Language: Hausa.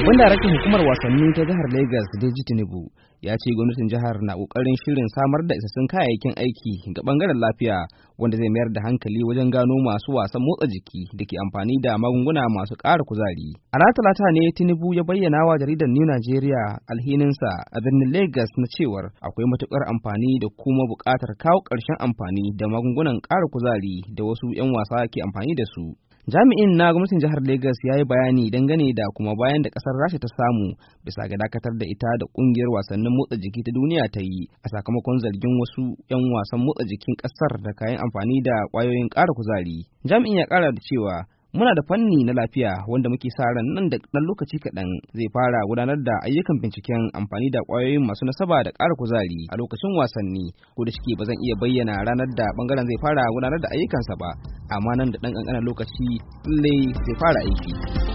Babban daraktan hukumar wasanni ta jihar Legas Deji Tinubu ya ce gwamnatin jihar na kokarin shirin samar da isassun kayayyakin aiki ga bangaren lafiya wanda zai mayar da hankali wajen gano masu wasan motsa jiki da ke amfani da magunguna masu ƙara kuzari. A ranar Talata ne Tinubu ya bayyana wa jaridar New Nigeria alhininsa a birnin Legas na cewar akwai matukar amfani da kuma buƙatar kawo ƙarshen amfani da magungunan ƙara kuzari da wasu 'yan wasa ke amfani da su. jami'in na gwamnatin jihar Legas ya yi bayani dangane da kuma bayan da kasar rasha ta samu bisa ga dakatar da ita da kungiyar wasannin motsa jiki ta duniya ta yi a sakamakon zargin wasu 'yan wasan motsa jikin kasar da kayan amfani da kwayoyin ƙara kuzari jami'in ya ƙara da cewa muna da fanni na lafiya wanda muke sa ran nan da ɗan lokaci kaɗan zai fara gudanar da ayyukan binciken amfani da kwayoyin masu nasaba da ƙara kuzari a lokacin wasanni ko da shike ba zan iya bayyana ranar da ɓangaren zai fara gudanar da ayyukansa ba amma nan da ɗan ƙanƙanin lokaci ne zai fara aiki.